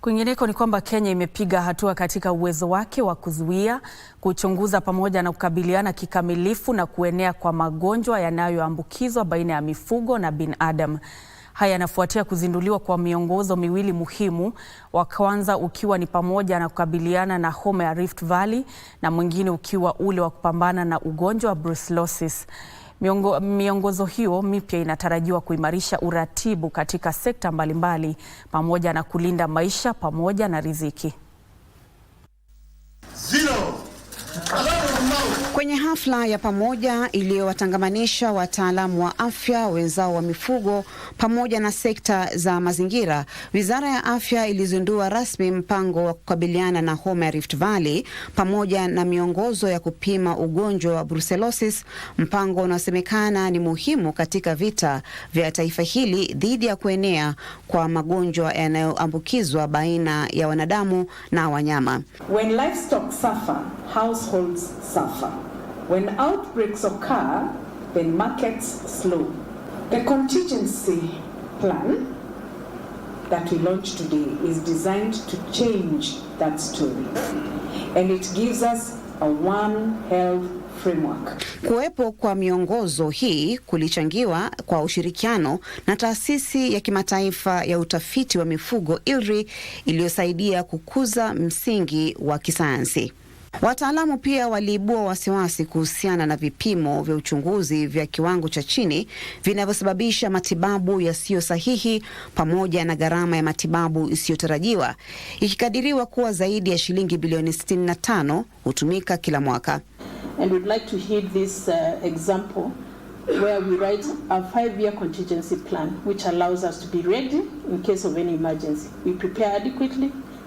Kwingineko ni kwamba Kenya imepiga hatua katika uwezo wake wa kuzuia, kuchunguza pamoja na kukabiliana kikamilifu na kuenea kwa magonjwa yanayoambukizwa baina ya mifugo na binadamu. Haya yanafuatia kuzinduliwa kwa miongozo miwili muhimu, wa kwanza ukiwa ni pamoja na kukabiliana na homa ya Rift Valley na mwingine ukiwa ule wa kupambana na ugonjwa wa brucellosis. Miongo, miongozo hiyo mipya inatarajiwa kuimarisha uratibu katika sekta mbalimbali pamoja na kulinda maisha pamoja na riziki. Kwenye hafla ya pamoja iliyowatangamanisha wataalamu wa afya, wenzao wa mifugo pamoja na sekta za mazingira, Wizara ya Afya ilizindua rasmi mpango wa kukabiliana na homa ya Rift Valley pamoja na miongozo ya kupima ugonjwa wa brucellosis, mpango unaosemekana ni muhimu katika vita vya taifa hili dhidi ya kuenea kwa magonjwa yanayoambukizwa baina ya wanadamu na wanyama. When livestock suffer, households suffer. When outbreaks occur, then markets slow. The contingency plan that we launched today is designed to change that story and it gives us a one health Framework. Kuwepo kwa miongozo hii kulichangiwa kwa ushirikiano na taasisi ya kimataifa ya utafiti wa mifugo ILRI iliyosaidia kukuza msingi wa kisayansi. Wataalamu pia waliibua wasiwasi kuhusiana na vipimo vya uchunguzi vya kiwango cha chini vinavyosababisha matibabu yasiyo sahihi pamoja na gharama ya matibabu isiyotarajiwa ikikadiriwa kuwa zaidi ya shilingi bilioni 65 hutumika kila mwaka.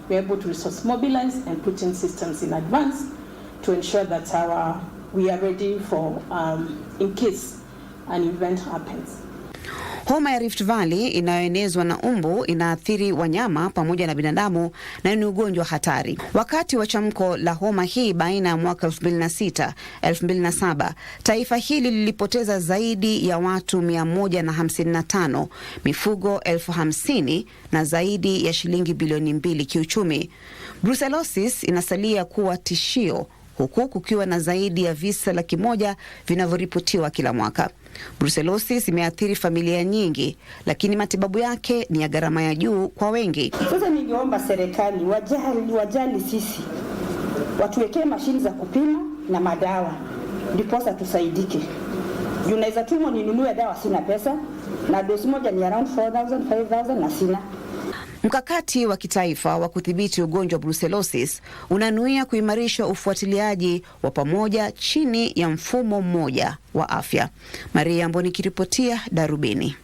we're able to resource mobilize and put in systems in advance to ensure that our, we are ready for um, in case an event happens. Homa ya Rift Valley inayoenezwa na umbu inaathiri wanyama pamoja na binadamu na ni ugonjwa hatari. Wakati wa chamko la homa hii baina ya mwaka 2006 2007, taifa hili lilipoteza zaidi ya watu 155, mifugo elfu hamsini na zaidi ya shilingi bilioni mbili kiuchumi. Brucellosis inasalia kuwa tishio huku kukiwa na zaidi ya visa laki moja vinavyoripotiwa kila mwaka. Brucellosis imeathiri familia nyingi, lakini matibabu yake ni ya gharama ya juu kwa wengi. Sasa ningeomba serikali wajali, wajali sisi, watuwekee mashini za kupima na madawa, ndiposa tusaidike. Unaweza tumwa ninunue dawa, sina pesa, na dosi moja ni around 4000 5000 na sina Mkakati wa kitaifa wa kudhibiti ugonjwa wa brucellosis unanuia kuimarisha ufuatiliaji wa pamoja chini ya mfumo mmoja wa afya. Maria Amboni kiripotia Darubini.